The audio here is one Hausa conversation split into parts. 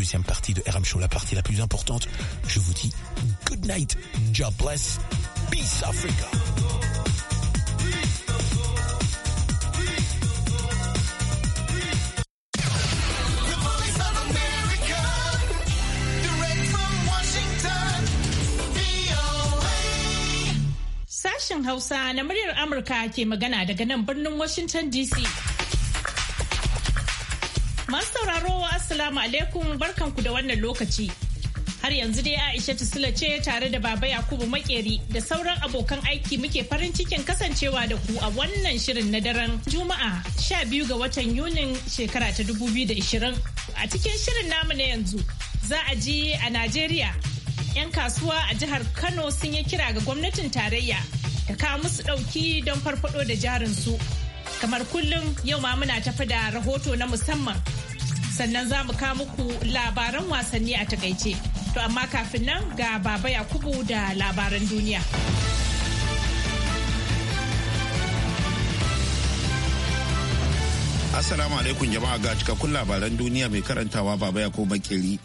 deuxième partie de RM Show, la partie la plus importante. Je vous dis good night, job bless, peace Africa. Sashen Hausa na muryar Amurka ke magana daga nan birnin Washington DC. Assalamu alaikum barkanku da wannan lokaci. Har yanzu dai Aisha Sula ce tare da Baba Yakubu Makeri da sauran abokan aiki muke farin cikin kasancewa da ku a wannan shirin na daren Juma'a 12 ga watan Yunin shekara ta 2020. A cikin shirin namu na yanzu za a ji a Najeriya 'yan kasuwa a jihar Kano sun yi kira ga gwamnatin tarayya da kawo musu ɗauki don farfado da jarinsu. Kamar kullum yau ma muna tafi da rahoto na musamman sannan za mu kawo muku labaran wasanni a takaice. To amma kafin nan ga Baba Yakubu da labaran duniya. Assalamu alaikum jama'a ga cikakkun labaran duniya mai karantawa Baba Yakubu Makeri.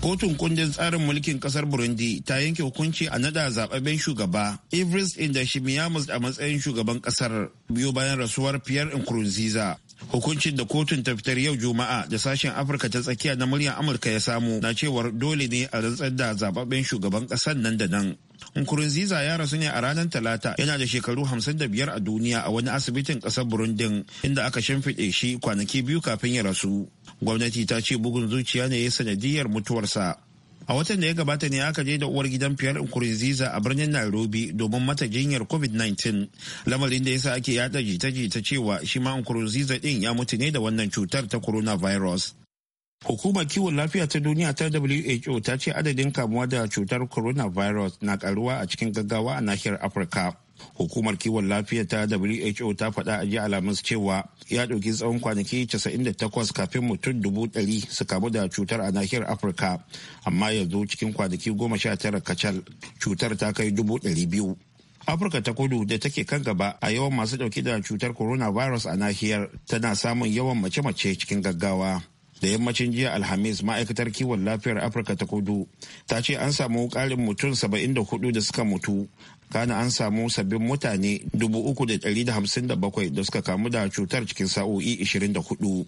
Kotun kundin tsarin mulkin kasar Burundi ta yanke hukunci a nada zababben shugaba Evariste Indashimiyamus a matsayin shugaban kasar biyu bayan rasuwar Pierre Nkurunziza hukuncin da kotun ta fitar yau juma'a da sashen afirka ta tsakiya na muryar amurka ya samu na cewar dole ne a rantsar da zababben shugaban ƙasar nan da nan Nkurunziza ya rasu ne a ranar Talata yana da shekaru 55 a duniya a wani asibitin ƙasar Burundin inda aka shimfiɗe shi kwanaki biyu kafin ya rasu. Gwamnati ta ce bugun zuciya ne ya sanadiyar mutuwarsa. a watan da ya gabata ne aka je da uwar gidan fiyar nkurunziza a birnin nairobi domin mata jinyar covid-19 lamarin da yasa ake yada jita-jita cewa shi ma nkurunziza din ya mutu ne da wannan cutar ta coronavirus Hukumar kiwon lafiya ta duniya ta WHO ta ce adadin kamuwa da cutar coronavirus na karuwa a cikin gaggawa a nahiyar Afirka. hukumar kiwon lafiya ta who ta faɗa a jiya alhamis cewa ya ɗauki tsawon kwanaki 98 kafin mutum dubu ɗari su kamu da cutar a nahiyar afirka amma yanzu cikin kwanaki 19 kacal cutar ta kai dubu ɗari biyu afirka ta kudu da take kan gaba a yawan masu ɗauki da cutar coronavirus a nahiyar tana samun yawan mace-mace cikin gaggawa da yammacin jiya alhamis ma'aikatar kiwon lafiyar afirka ta kudu ta ce an samu ƙarin mutum 74 da suka mutu kana an samu sabbin mutane 357 da suka kamu da cutar cikin sa'o'i 24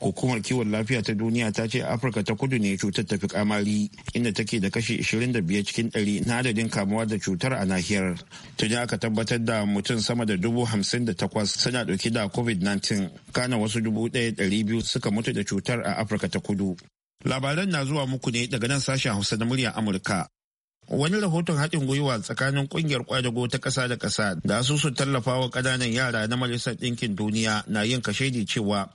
hukumar kiwon lafiya ta duniya ta ce afirka ta kudu ne cutar tafi kamari inda take da kashi 25 cikin 100 na adadin kamuwa da cutar a nahiyar tuni aka tabbatar da mutum sama da dubu suna dauki da covid-19 kana wasu dubu biyu suka mutu da cutar a afirka ta kudu labaran na zuwa muku ne daga nan sashen hausa na murya amurka wani rahoton haɗin gwiwa tsakanin ƙungiyar kwadago ta ƙasa da ƙasa da asusun tallafawa ƙananan yara na majalisar ɗinkin duniya na yin kashedi cewa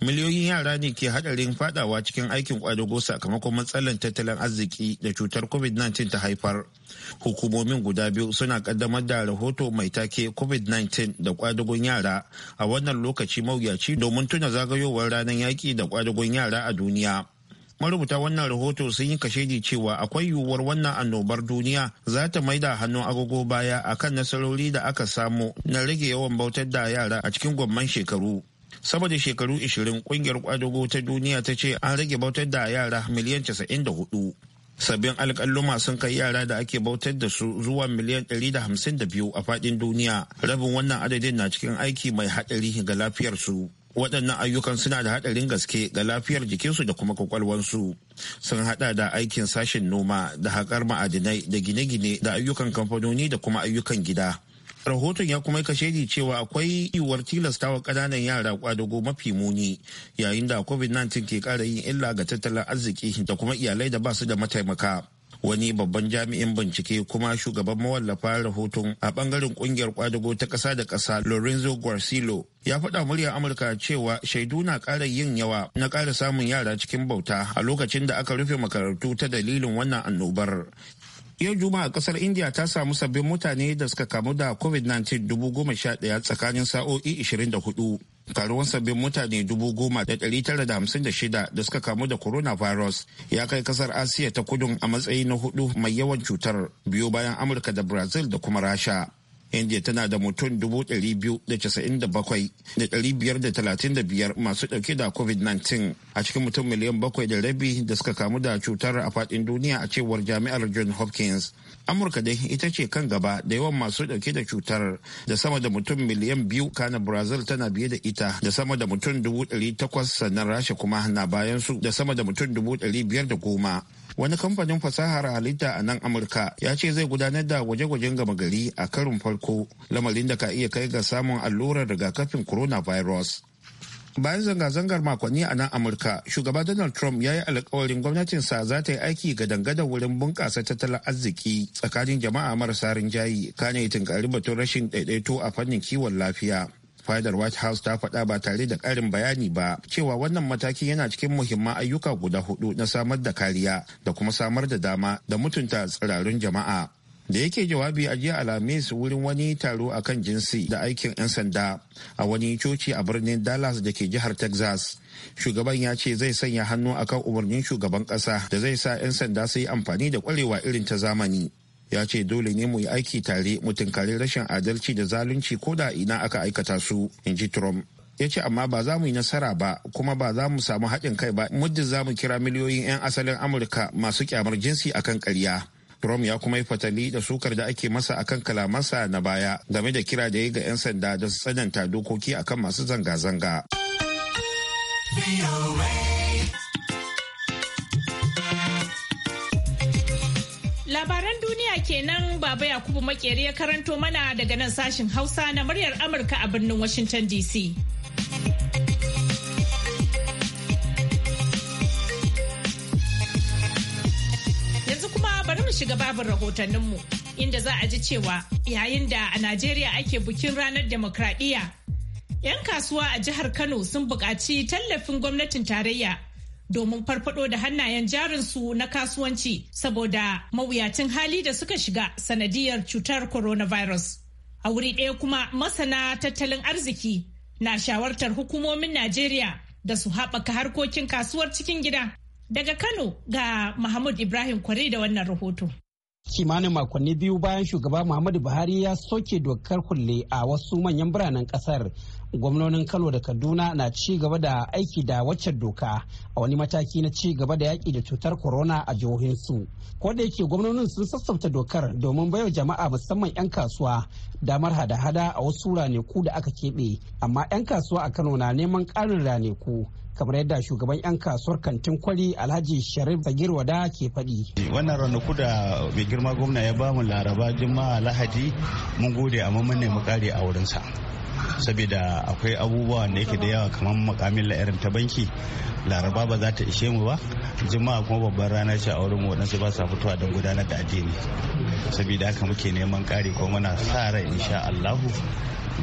miliyoyin yara ne ke haɗarin faɗawa cikin aikin kwadago sakamakon matsalar tattalin arziki da cutar covid-19 ta haifar hukumomin guda biyu suna ƙaddamar da rahoto mai take covid-19 da kwadagon yara a wannan lokaci mawuyaci domin tuna zagayowar ranar yaƙi da kwadagon yara a duniya marubuta wannan rahoto sun yi kashedi cewa akwai yiwuwar wannan annobar duniya za ta maida hannun agogo baya akan nasarori da aka samu na rage yawan bautar da yara a cikin gwamman shekaru Saboda shekaru 20 kungiyar kwadago ta duniya ta ce an rage bautar da yara miliyan 94 sabbin alƙalluma sun kai yara da ake bautar da su zuwa miliyan 152 a faɗin duniya rabin wannan adadin na cikin aiki mai haɗari ga lafiyarsu waɗannan ayyukan suna da haɗarin gaske ga lafiyar jikinsu da kuma kwakwalwansu sun haɗa da aikin sashen noma da haƙar ma'adinai da gine-gine da ayyukan kamfanoni da kuma ayyukan gida rahoton ya kuma ni cewa akwai yiwuwar tilasta wa ƙananan yara kwadago mafi muni yayin da covid-19 ke ƙara yin illa ga tattalin arziki da kuma iyalai da ba su da mataimaka wani babban jami'in bincike kuma shugaban mawallafa rahoton a bangaren kungiyar kwadago ta ƙasa da ƙasa lorenzo guarcillo ya faɗa muryar amurka cewa shaidu na ƙara yin yawa na ƙara samun yara cikin bauta a lokacin da aka rufe makarantu ta dalilin wannan annobar yau juma'a kasar india ta samu sabbin mutane da suka kamu da covid-19 dubu goma sha ɗaya tsakanin sa'o'i 24 karuwan sabbin mutane dubu goma da tara da hamsin da shida da suka kamu da coronavirus ya kai kasar asiya ta kudun a matsayi na hudu mai yawan cutar biyu bayan amurka da brazil da kuma rasha india tana da mutum 297,535 masu dauke da covid-19 a cikin mutum miliyan bakwai da rabi da suka kamu da cutar a fadin duniya a cewar jami'ar john hopkins amurka dai ita ce kan gaba da yawan masu dauke da cutar da sama da mutum miliyan biyu kana brazil tana biye da ita da sama da mutum dubu sannan rasha kuma na bayan su da sama da mutum dubu da goma wani kamfanin fasahar halitta a nan amurka ya ce zai gudanar da gwaje-gwajen gama gari a karin farko lamarin da ka iya kai ga samun allurar rigakafin coronavirus bayan zanga-zangar makonni a nan amurka shugaba donald trump ya yi alkawarin gwamnatinsa za ta yi aiki ga dangadan wurin bunƙasa tattalin arziki tsakanin jama'a marasa rinjaye, kane tunkari batun rashin daidaito a fannin kiwon lafiya fadar white house ta faɗa ba tare da ƙarin bayani ba cewa wannan matakin yana cikin muhimman ayyuka guda hudu na samar da kariya da kuma samar da dama da mutunta tsirarun jama'a da yake jawabi a jiya alhamis wurin wani taro akan jinsi da aikin 'yan sanda a wani coci a birnin dallas da ke jihar texas shugaban ya ce zai sanya hannu akan umarnin shugaban kasa da zai sa 'yan sanda su yi amfani da kwarewa irin ta zamani ya ce dole ne mu yi aiki tare mu tunkari rashin adalci da zalunci ko da ina aka aikata su in ji trump ya ce amma ba za mu yi nasara ba kuma ba za mu samu haɗin kai ba muddin za mu kira miliyoyin 'yan asalin amurka masu kyamar jinsi akan ƙarya trump ya kuma yi fatali da sukar da ake masa akan kalamansa na baya game da kira da ya ga 'yan sanda da su tsananta dokoki akan masu zanga-zanga labaran kenan Baba Yakubu Makeri ya karanto mana daga nan sashin Hausa na muryar Amurka a birnin Washington DC. Yanzu kuma bari mu shiga babin rahotanninmu inda za a ji cewa yayin da a Najeriya ake bukin ranar demokradiyya 'yan kasuwa a jihar Kano sun buƙaci tallafin gwamnatin tarayya domin farfado da hannayen jarinsu na kasuwanci saboda mawuyacin hali da suka shiga sanadiyar cutar coronavirus. A wuri ɗaya kuma masana tattalin arziki na shawartar hukumomin Najeriya da su haɓaka harkokin kasuwar cikin gida. Daga Kano ga Muhammad Ibrahim Kwari da wannan rahoto. kimanin makonni biyu bayan shugaba muhammadu buhari ya soke dokar kulle a wasu manyan biranen kasar gwamnonin kano da kaduna na ci gaba da aiki da waccan doka a wani mataki na ci gaba da yaƙi da cutar corona a jihohinsu ko da yake gwamnonin sun sassauta dokar domin baiwa jama'a musamman 'yan kasuwa damar hada-hada a wasu raneku da aka keɓe amma 'yan kasuwa a kano na neman ƙarin raneku kamar yadda shugaban 'yan kasuwar kantin kwari alhaji sharif sagir wada ke faɗi. wannan ranaku da mai girma gwamna ya bamu laraba juma'a lahadi mun gode amma mun nemi kare a wurinsa saboda akwai abubuwa da yake da yawa kamar makamin la'irin ta banki laraba ba za ta ishe mu ba juma'a kuma babban rana ce a wurin waɗansu ba sa fitowa don gudanar da addini saboda haka muke neman ƙari ko muna sa rai insha Allahu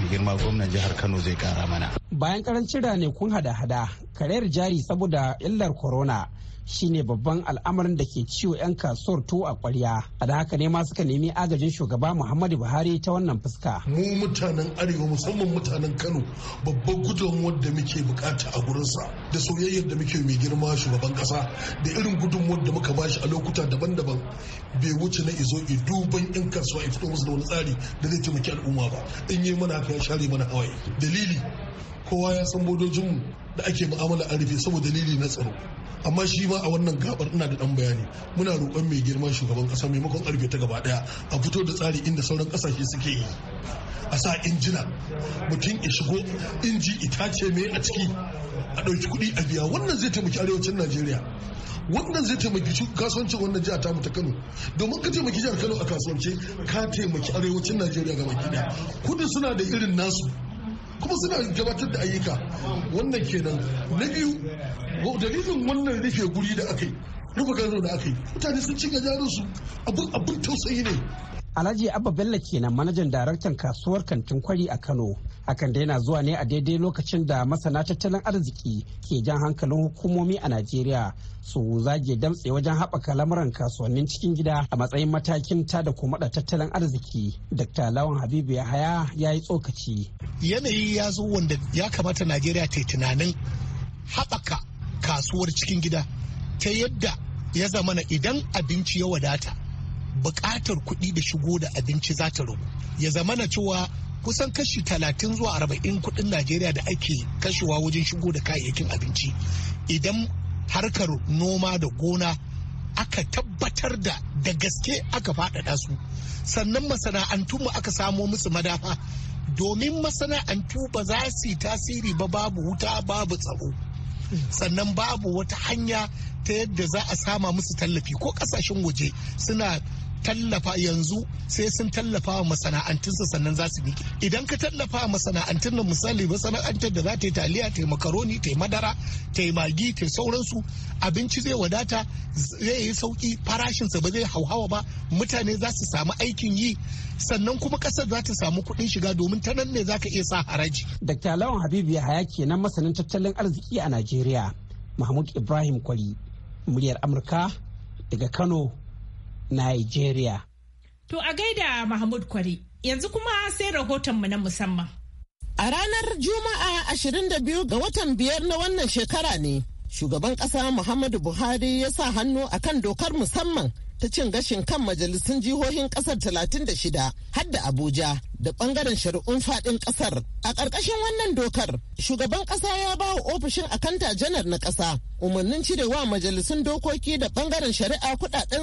girma gwamnan jihar Kano zai kara mana. Bayan karancin kun hada-hada, karayar jari saboda illar corona shine babban al'amarin da ke ciwo 'yan kasuwar tuwo a kwarya a da haka ne ma suka nemi agajin shugaba muhammadu buhari ta wannan fuska mu mutanen arewa musamman mutanen kano babban gudunmuwar da muke bukata a gurinsa da soyayyar da muke mai girma shugaban kasa da irin gudunmuwar da muka bashi a lokuta daban-daban bai wuce na izo i duban 'yan kasuwa ya fito musu da wani tsari da zai taimaki al'umma ba in yi mana haka ya share mana hawaye dalili kowa ya san bodojinmu da ake mu'amala an rufe saboda dalili na tsaro amma shi ma a wannan gabar ina da dan bayani muna roƙon mai girma shugaban kasa maimakon a ta gaba daya a fito da tsari inda sauran ƙasashe suke yi a sa injina mutum ya shigo inji itace mai a ciki a ɗauki kuɗi a biya wannan zai taimaki arewacin najeriya wannan zai taimaki kasuwancin wannan jihar tamu ta kano domin ka taimaki jihar kano a kasuwanci ka taimaki arewacin najeriya ga makina kudu suna da irin nasu kuma suna gabatar da ayyuka wannan kenan na biyu dalilin wannan rufe guri da aka yi rufe gano da aka yi mutane sun cika jarinsu su abin tausayi ne Alhaji Abba Bello kenan manajan daraktan kasuwar kantin kwari a Kano. Hakan da yana zuwa ne a daidai lokacin da masana tattalin arziki ke jan hankalin hukumomi a Najeriya su zage damtse wajen haɓaka lamuran kasuwannin cikin gida a matsayin matakin ta da kuma da tattalin arziki. Dr. Lawan Habibu Yahaya ya yi tsokaci. Yanayi ya zo wanda ya kamata Najeriya ta yi tunanin haɓaka kasuwar cikin gida ta yadda ya zamana idan abinci ya wadata Bukatar kuɗi da shigo da abinci za ta ragu ya zama na cewa kusan kashi talatin zuwa arba'in kuɗin najeriya da ake kashewa wajen shigo da kayayyakin abinci idan harkar noma da gona aka tabbatar da da gaske aka faɗaɗa su sannan masana'antu mu aka samo musu madafa domin masana'antu ba za su yi tasiri ba babu wuta babu tsaro sannan babu wata hanya ta yadda za a sama musu tallafi ko kasashen waje suna tallafa yanzu sai sun tallafa wa sannan za su miƙe idan ka tallafa wa masana'antun nan misali masana'antar da za ta yi taliya ta yi makaroni ta yi madara ta yi magi ta yi sauransu abinci zai wadata zai yi sauki farashinsa ba zai hauhawa ba mutane za su samu aikin yi sannan kuma ƙasar za ta samu kuɗin shiga domin ta nan ne za ka iya sa haraji. Dr. Lawan Habibu ya haya kenan masanin tattalin arziki a Najeriya. Mahmud Ibrahim Kwari, muryar Amurka daga Kano, Nigeria. To a gaida Mahmud Kwari, yanzu kuma sai rahotonmu na musamman. A ranar Juma'a 22 ga watan biyar na wannan shekara ne, shugaban ƙasa Muhammadu Buhari ya sa hannu akan dokar musamman ta cin gashin kan majalisun jihohin kasar 36 har da Abuja da bangaren shari'un fadin kasar. A ƙarƙashin wannan dokar, shugaban kasa ya ba wa ofishin akanta janar na kasa umarnin cirewa majalisun dokoki da bangaren shari'a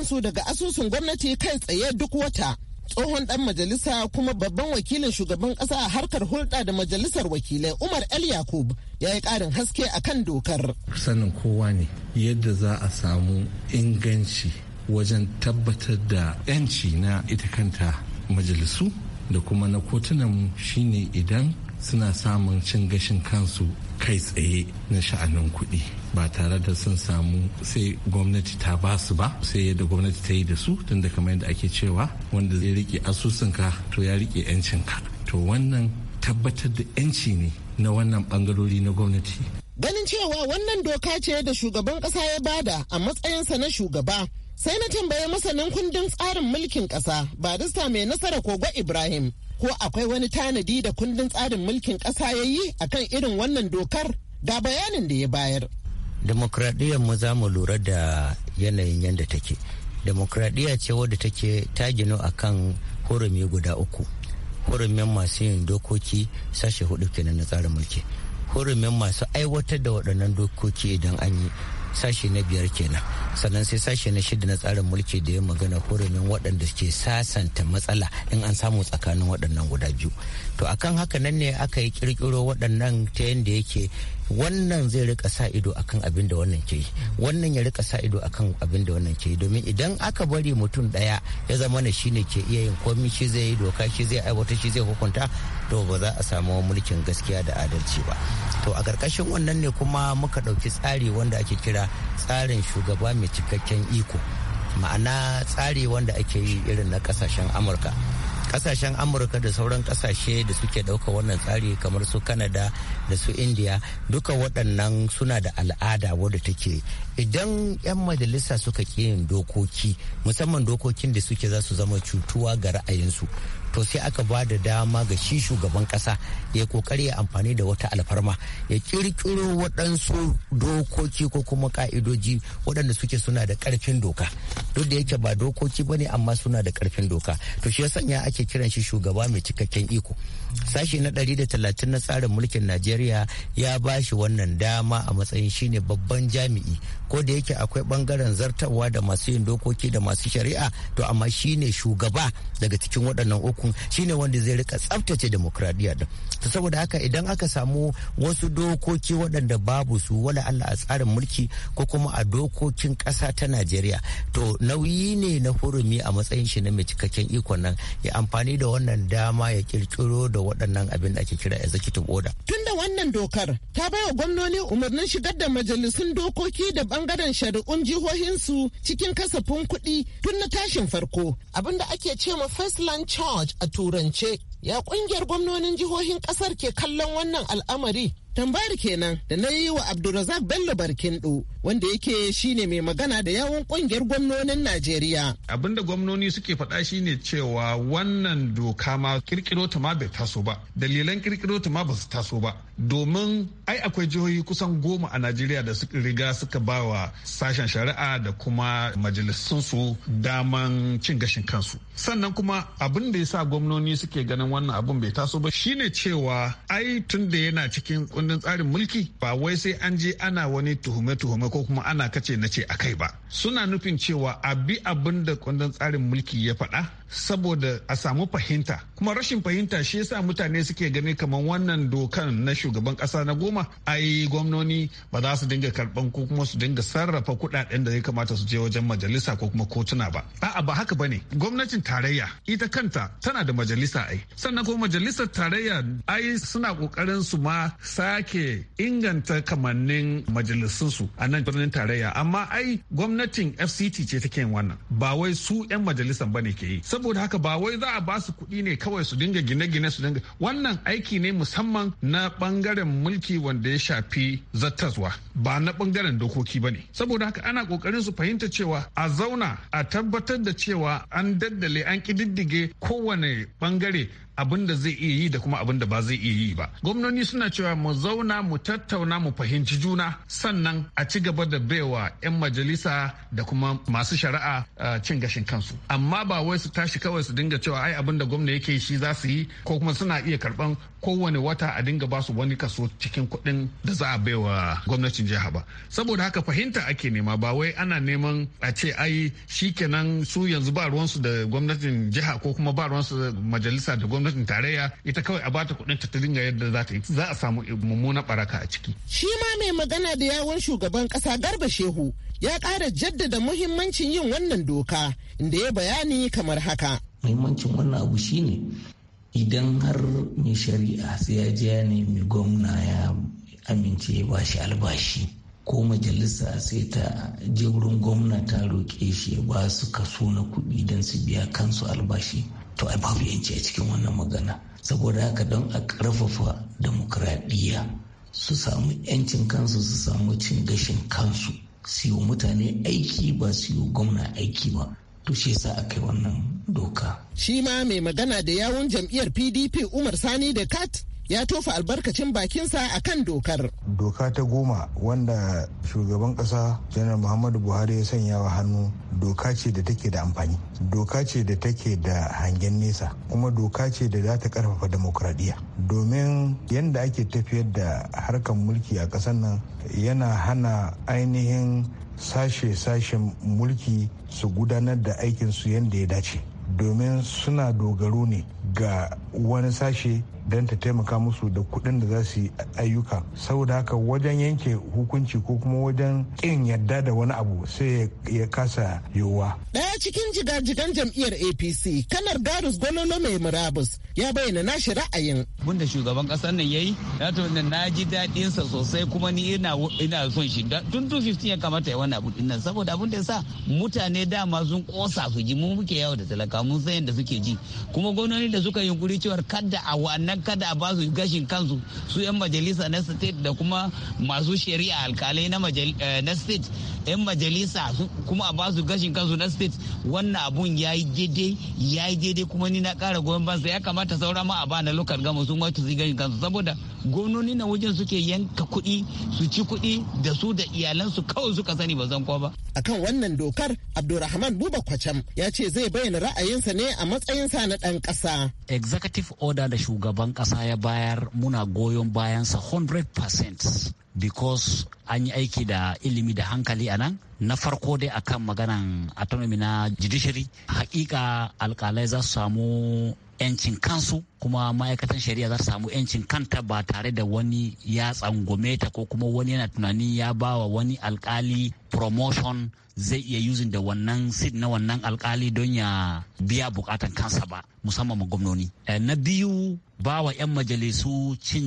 su daga asusun gwamnati kai tsaye duk wata. tsohon dan majalisa kuma babban wakilin shugaban kasa a harkar hulɗa da majalisar wakilai umar el yakub ya yi ƙarin haske akan dokar sanin kowa ne yadda za a samu inganci wajen tabbatar da 'yanci na ita kanta majalisu da kuma na kotunan shine idan suna samun cin gashin kansu kai tsaye na sha'anin kuɗi ba tare da sun samu sai gwamnati ta ba su ba sai yadda gwamnati ta yi da su tun da kamar yadda ake cewa wanda zai rike asusunka to ya rike 'yancinka to wannan tabbatar da 'yanci ne na wannan bangarori na gwamnati ganin cewa wannan doka ce da shugaban kasa ya bada a matsayinsa na shugaba sai na tambayi masanin kundin tsarin mulkin ƙasa barista mai nasara kogo ibrahim ko akwai wani tanadi da kundin tsarin mulkin ƙasa ya yi akan irin wannan dokar ga bayanin da ya bayar demokradiyyar mu za mu lura da yanayin yadda take demokradiyya ce wadda take ta ginu kan hurumi guda uku hurumin masu yin dokoki sashe hudu kenan na tsarin mulki hurumin masu aiwatar da waɗannan dokoki idan an yi sashe na biyar kenan sannan sai sashe na shida na tsarin mulki da ya magana hurumin waɗanda ke sasanta matsala in an samu tsakanin waɗannan guda biyu to akan haka nan ne aka yi kirkiro waɗannan ta yadda yake wannan zai rika sa ido akan abin da wannan ke yi wannan ya rika sa ido akan abin da wannan ke yi domin idan aka bari mutum daya ya zama na shine ke iya yin komi shi zai yi doka shi zai aiwata shi zai hukunta to ba za a samu mulkin gaskiya da adalci ba to a karkashin wannan ne kuma muka dauki tsari wanda ake kira tsarin shugaba mai cikakken iko ma'ana tsari wanda ake yi irin na kasashen amurka kasashen amurka da sauran kasashe da suke ɗauka wannan tsari kamar su kanada da su indiya duka waɗannan suna da al'ada wadda take idan 'yan majalisa suka ƙi dokoki musamman dokokin da suke za su zama cutuwa ga ra'ayinsu to sai aka ba da dama ga shi shugaban kasa ya kokari ya amfani da wata alfarma ya kirkiro waɗansu dokoki ko kuma ka'idoji waɗanda suke suna da ƙarfin doka duk da yake ba dokoki ba ne amma suna da ƙarfin doka to shi ya sanya ake kiran shi shugaba mai cikakken iko sashi na ɗari da talatin na tsarin mulkin najeriya ya ba shi wannan dama a matsayin shine babban jami'i ko da yake akwai bangaren zartawa da masu yin dokoki da masu shari'a to amma shine shugaba daga cikin waɗannan uku shi shine wanda zai rika tsaftace demokradiya din to saboda haka idan aka samu wasu dokoki waɗanda babu su wala Allah a tsarin mulki ko kuma a dokokin ƙasa ta Najeriya to nauyi ne na hurumi a matsayin shi na mai cikakken ikon nan ya amfani da wannan dama ya kirkiro da waɗannan abin da ake kira executive order tunda wannan dokar ta bayar gwamnoni umarnin shigar da majalisun dokoki da bangaren shari'un jihohinsu cikin kasafin kuɗi tun na tashin farko abinda ake ce ma first land charge a turance ya kungiyar gwamnonin jihohin kasar ke kallon wannan al'amari Tambayar kenan da na yi wa Abdulrazak Bello Barkindo wanda yake shine mai magana da yawon kungiyar gwamnonin Najeriya. Abinda gwamnoni suke faɗa shine cewa wannan doka ma kirkiro ta ma bai taso ba. Dalilan kirkiro ta ma ba su taso ba. Domin ai akwai jihohi kusan goma a Najeriya da suka riga suka ba wa sashen shari'a da kuma majalisun su daman cin gashin kansu. Sannan kuma abin da ya sa gwamnoni suke ganin wannan abun bai taso ba shine cewa ai tun da yana cikin kundin tsarin mulki ba wai sai an je ana wani tuhume-tuhume ko kuma ana kace na ce a kai ba suna nufin cewa a bi abin da kundin tsarin mulki ya faɗa saboda a samu fahimta kuma rashin fahimta shi yasa mutane suke gani kamar wannan dokan na shugaban kasa na goma ai gwamnoni ba za su dinga karban ko kuma su dinga sarrafa kuɗaɗen da ya kamata su je wajen majalisa ko kuma kotuna ba a'a ba haka bane gwamnatin tarayya ita kanta tana da majalisa ai sannan kuma majalisar tarayya ai suna kokarin su ma sake inganta kamannin majalisun su a nan birnin tarayya amma ai gwamnatin FCT ce take wannan ba wai su 'yan majalisan bane ke yi saboda haka ba wai za a ba su kuɗi ne kawai su dinga gine-gine su dinga wannan aiki ne musamman na ɓangaren mulki wanda ya shafi zattazwa ba na ɓangaren dokoki ba ne saboda haka ana kokarin su fahimta cewa a zauna a tabbatar da cewa an daddale an kididdige kowane ɓangare. abin da zai iya yi da kuma abin da ba zai iya yi ba gwamnoni suna cewa mu zauna mu tattauna mu fahimci juna sannan a ci gaba da baiwa 'yan majalisa da kuma masu shari'a cin gashin kansu amma ba wai su tashi kawai su dinga cewa ai abin da gwamna yake shi za su yi ko kuma suna iya karban kowane wata a dinga basu wani kaso cikin kuɗin da za a baiwa gwamnatin jiha ba saboda haka fahimta ake nema ba wai ana neman a ce ai shikenan su yanzu ba ruwansu da gwamnatin jiha ko kuma ba ruwansu majalisa da gwamnati gwamnatin tarayya ita kawai a bata kuɗin ta dinga yadda za ta yi za a samu mummuna baraka a ciki. Shi ma mai magana da yawon shugaban kasa Garba Shehu ya kara jaddada muhimmancin yin wannan doka inda ya bayani kamar haka. Muhimmancin wannan abu shi ne idan har mai shari'a sai ya je ya nemi gwamna ya amince ya ba shi albashi. ko majalisa sai ta je wurin gwamna ta roƙe shi ya ba su kaso na kuɗi don su biya kansu albashi to ai babu yanci a cikin wannan magana saboda haka don a ƙarfafa demokradiyya su samu yancin kansu su samu cin gashin kansu su yi mutane aiki ba su yi gwamna aiki ba to shi yasa aka yi wannan doka. Shi ma mai magana da yawun jam'iyyar PDP Umar Sani da Kat ya tofa albarkacin bakinsa a kan dokar. Doka ta goma wanda shugaban kasa janar Muhammadu Buhari ya sanya wa hannu doka ce da take da amfani. Doka ce da take da hangen nesa kuma doka ce da za ta karfafa demokradiyya. Domin yadda ake tafiyar da harkar mulki a ƙasar nan yana hana ainihin sashe-sashen mulki su gudanar da aikinsu yadda ya dace. domin suna dogaro ne ga wani sashe don ta taimaka musu da kuɗin da za su yi ayyuka saboda haka wajen yanke hukunci ko kuma wajen ƙin yadda da wani abu sai ya kasa yiwuwa. Ɗaya cikin jigajigan jam'iyyar APC kanar Darus Gololo mai murabus ya bayyana nashi ra'ayin. abin da shugaban ƙasar nan yayi ya to na ji daɗin sa sosai kuma ni ina ina son shi tun 2015 ya kamata ya wani abu din nan saboda abun da sa mutane dama sun kosa su ji mu muke yawo da talaka mun san yadda suke ji kuma gwamnati da suka yunkuri cewar kada a wannan dan kada a basu gashin kansu su 'yan majalisa na state da kuma masu shari'a alkalai na eh, state 'yan majalisa kuma a basu gashin kansu na state wannan abun ya yi daidai ya yi daidai kuma ni na kara goyon bansa ya kamata saura ma a ba na lokal gama sun wata su gashin kansu saboda gwamnoni na wajen suke yanka kuɗi su ci kuɗi da su da iyalansu kawai suka sani ba zan ba. akan wannan dokar abdulrahman buba kwacham ya ce zai bayyana ra'ayinsa ne a matsayin sa na ɗan ƙasa. executive order da shugaban ƙasa ya bayar muna goyon bayansa 100% because an yi aiki da ilimi da hankali a nan na farko dai akan maganan autonomy na judiciary hakika alkalai za su samu 'yancin kansu kuma ma'aikatan shari'a za ta samu 'yancin kanta ba tare da wani ya tsangwame ta ko kuma wani yana tunanin ya ba wa wani alkali promotion zai iya yuzin da wannan sit na wannan alkali don ya biya bukatan kansa ba musamman ma gwamnoni eh, na biyu ba wa 'yan majalisu cin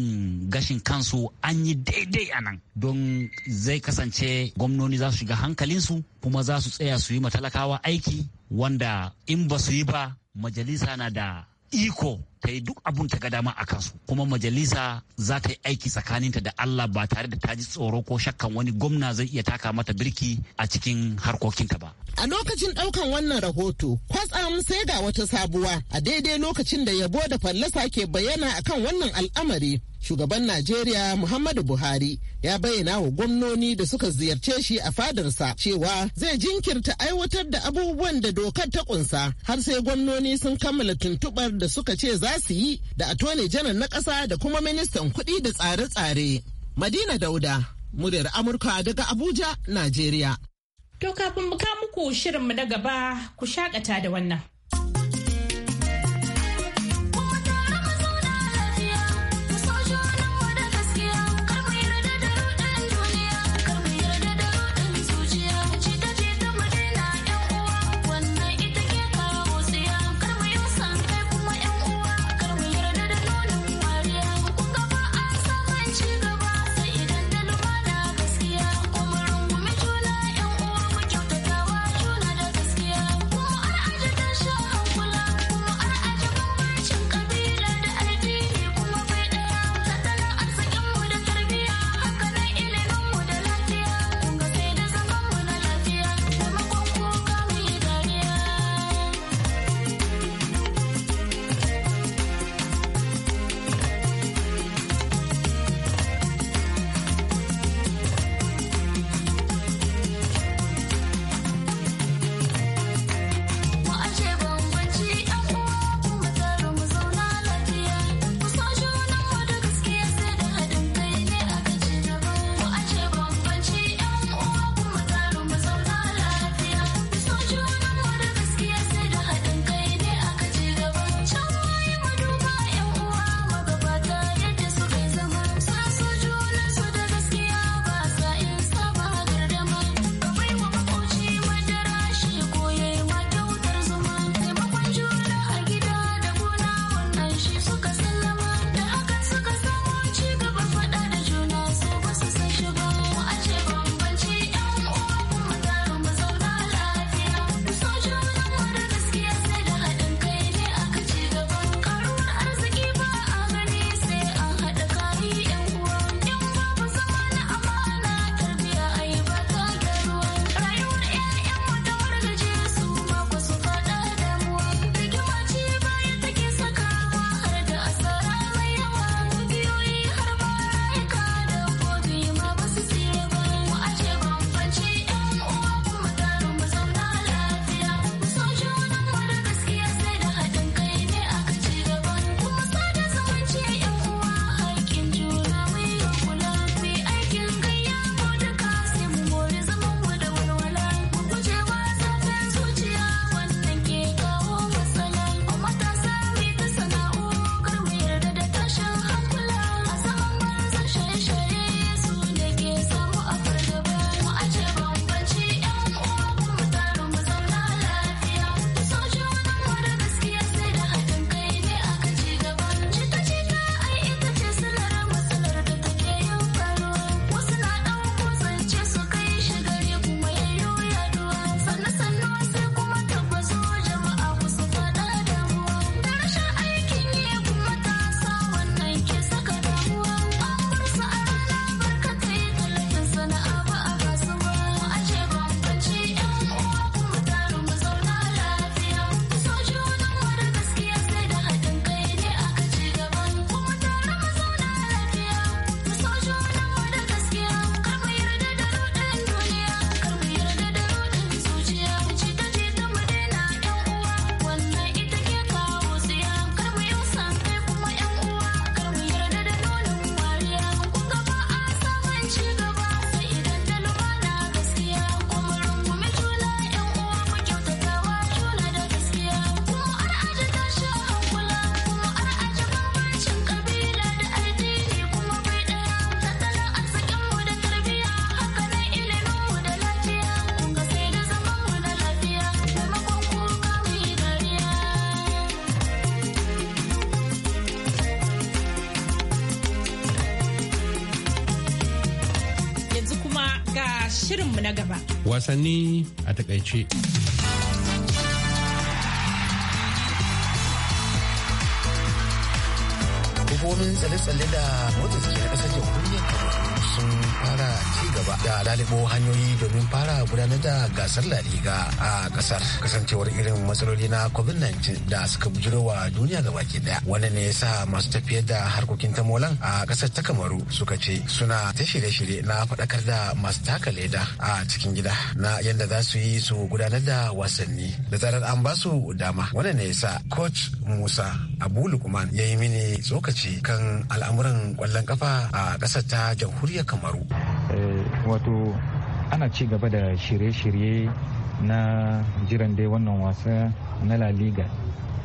gashin kansu an yi daidai a nan don zai kasance gwamnoni za su shiga hankalinsu kuma za su tsaya su yi matalakawa aiki wanda in ba su yi ba majalisa na da equal ta yi duk abun ta ga dama a kansu kuma majalisa za ta yi aiki tsakaninta da Allah ba tare da ta ji tsoro ko shakkan wani gwamna zai iya taka mata birki a cikin harkokinta ba. A lokacin ɗaukan wannan rahoto, kwatsam sai ga wata sabuwa a daidai lokacin da yabo da fallasa ke bayyana akan wannan al'amari. Shugaban Najeriya Muhammadu Buhari ya bayyana wa gwamnoni da suka ziyarce shi a fadarsa cewa zai jinkirta aiwatar da abubuwan da dokar ta kunsa har sai gwamnoni sun kammala tuntubar da suka ce za za su yi da atone janar na ƙasa da kuma ministan kuɗi da tsare-tsare. Madina Dauda, muryar Amurka daga Abuja, Najeriya. To kafin mu ka muku shirinmu na gaba ku shakata da wannan. na gaba. Wasanni a takaice. Hukumomin tsale-tsale da motsa jiki na ƙasar jamhuriyar Kamaru sun fara ci gaba da lalibo hanyoyi domin fara gudanar da gasar La a kasar kasancewar irin matsaloli na COVID-19 da suka wa duniya gaba ke daya. Wannan ne yasa masu tafiyar da harkokin tamolan a kasar ta Kamaru suka ce suna ta shirye-shirye na faɗakar da masu taka leda a cikin gida na yadda za su yi su gudanar da wasanni da zarar an ba su dama. Wannan ne yasa coach Musa Abu Lukman ya yi mini tsokaci kan al'amuran kwallon kafa a kasar ta jamhuriyar jamhuriyar kamaru eh, wato ana ci gaba da shirye-shirye na jiran dai wannan wasa na la liga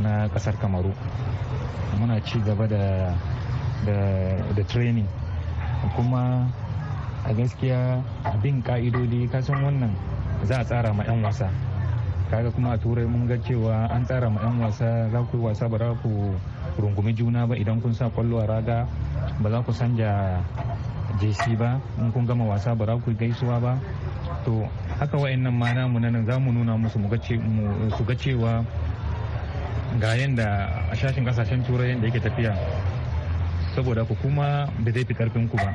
na kasar kamaru muna ci gaba da da training kuma a gaskiya bin ka'idodi kasan wannan za a tsara ma 'yan wasa kaga kuma a turai mun ga cewa an tsara ma 'yan wasa za ku yi wasa ba za ku rungumi juna ba idan kun sa kwallo a raga ba za ku sanja jc ba in kun gama wasa ba za ku gaisuwa ba to haka wayannan ma namu nan za mu nuna musu su ga cewa ga yadda a shashin kasashen turai yadda yake tafiya saboda ku kuma da zai fi karfin ku ba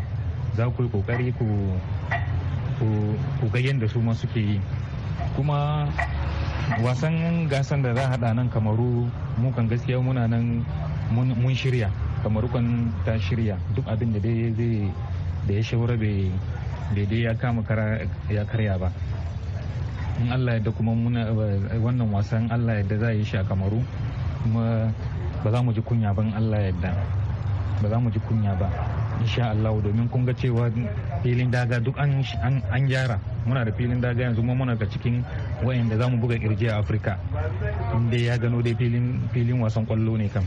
za ku yi kokari ku ga yadda su ma suke yi kuma wasan gasan da za a haɗa nan kamaru mu kan gaskiya muna nan mun shirya kamaru kan ta shirya duk abin da dai zai da ya shaura bai dai ya kama ya karya ba in allah yadda kuma muna wannan wasan allah yadda za yi shi a kamaru kuma ba za mu ji kunya ban allah yadda ba za mu ji kunya ba insha allah domin kun ga cewa filin daga duk an gyara muna da filin daga yanzu mu muna da cikin wayanda za mu buga kirji a afirka inda ya gano dai filin wasan kwallo ne kam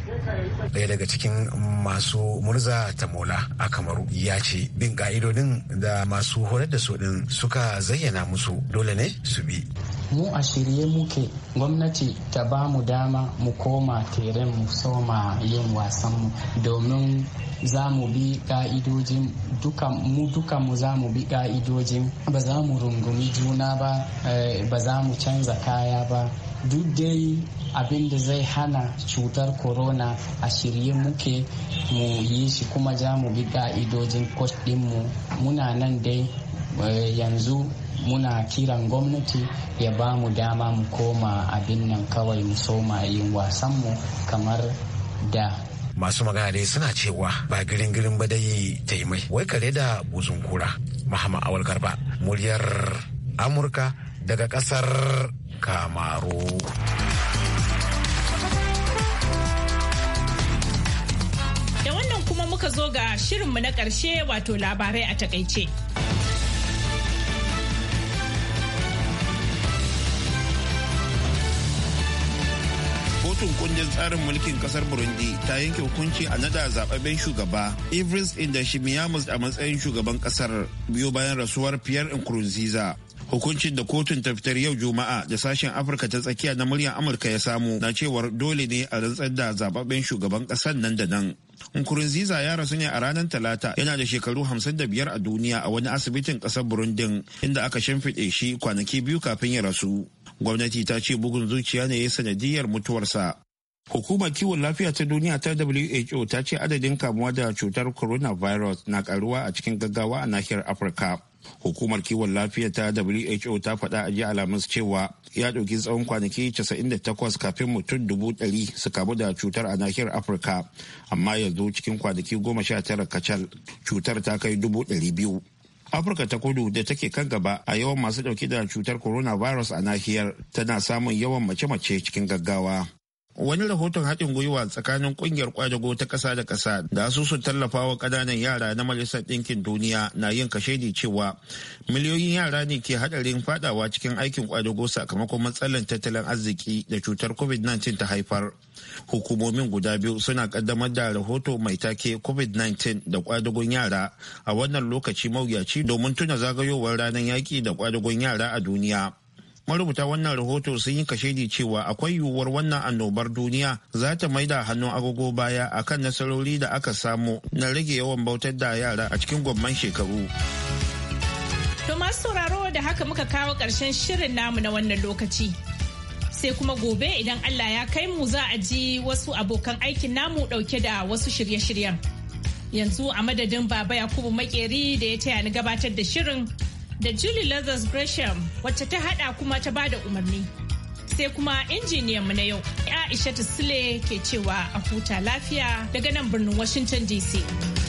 daya daga cikin masu murza ta mola a kamaru ya ce bin ka'idodin da masu horar da su din suka zayyana musu dole ne su bi mu a shirye muke gwamnati ta ba mu dama mu koma teren mu soma yin wasan domin za mu bi ka'idojin duka mu duka mu za mu bi ka'idojin ba za mu rungumi juna ba eh, ba za mu canza kaya ba duk dai abin da zai hana cutar corona a shirye muke mu yi shi kuma za mu bi ka'idojin coach dinmu muna nan dai eh, yanzu muna kiran gwamnati ya ba mu dama mu koma abin nan kawai mu soma yin wasanmu kamar da masu magana dai suna cewa ba girin girin ba dai ta yi mai wai kare da buzun kura mahama awal garba muryar amurka daga kasar kamaru da wannan kuma muka zo ga shirinmu na ƙarshe wato labarai a takaice. kotun kundin tsarin mulkin kasar burundi ta yanke hukunci a nada zababben shugaba idris indashimiyamus a matsayin shugaban kasar biyo bayan rasuwar pierre nkurunziza hukuncin da kotun ta fitar yau juma'a da sashen afirka ta tsakiya na muryar amurka ya samu na cewar dole ne a rantsar da zababben shugaban kasar nan da nan Nkurunziza ya rasu ne a ranar Talata yana da shekaru 55 a duniya a wani asibitin kasar Burundin inda aka shimfiɗe shi kwanaki biyu kafin ya rasu. gwamnati ta ce bugun zuciya ne ya sanadiyar mutuwarsa hukumar kiwon lafiya ta duniya ta who ta ce adadin kamuwa da cutar coronavirus na karuwa a cikin gaggawa a nahiyar afirka hukumar kiwon lafiya ta who ta faɗa a jiya alhamis cewa ya ɗauki tsawon kwanaki 98 kafin mutum dubu ɗari su kamu da cutar a nahiyar afirka amma yanzu cikin kwanaki goma sha tara kacal cutar ta kai dubu ɗari biyu afirka ta kudu da take kan gaba a yawan masu dauke da cutar coronavirus a nahiyar tana samun yawan mace-mace cikin gaggawa wani rahoton haɗin gwiwa tsakanin ƙungiyar kwadago ta ƙasa da ƙasa da asusun tallafawa ƙananan yara na majalisar ɗinkin duniya na yin kashedi cewa miliyoyin yara ne ke haɗarin faɗawa cikin aikin kwadago sakamakon matsalar tattalin arziki da cutar covid-19 ta haifar hukumomin guda biyu suna ƙaddamar da rahoto mai take covid-19 da ƙwadagon yara a wannan lokaci mawuyaci domin tuna zagayowar ranar yaƙi da ƙwadagon yara a duniya marubuta wannan rahoto sun yi kashe kashedi cewa akwai yiwuwar wannan annobar duniya za ta maida hannun agogo baya a kan nasarori da aka samu na rage yawan bautar da yara a cikin gwamman shekaru. To masu sauraro da haka muka kawo ƙarshen shirin namu na wannan lokaci. Sai kuma gobe idan Allah ya kai mu za a ji wasu abokan aikin namu ɗauke da wasu shirye-shiryen. Yanzu a madadin Baba Yakubu Makeri da ya taya ni gabatar da shirin da Julie Lazarus Gresham wacce ta hada kuma ta bada umarni. Sai kuma injiniyan mu na yau, Aisha Sule ke cewa a huta lafiya daga nan birnin Washington DC.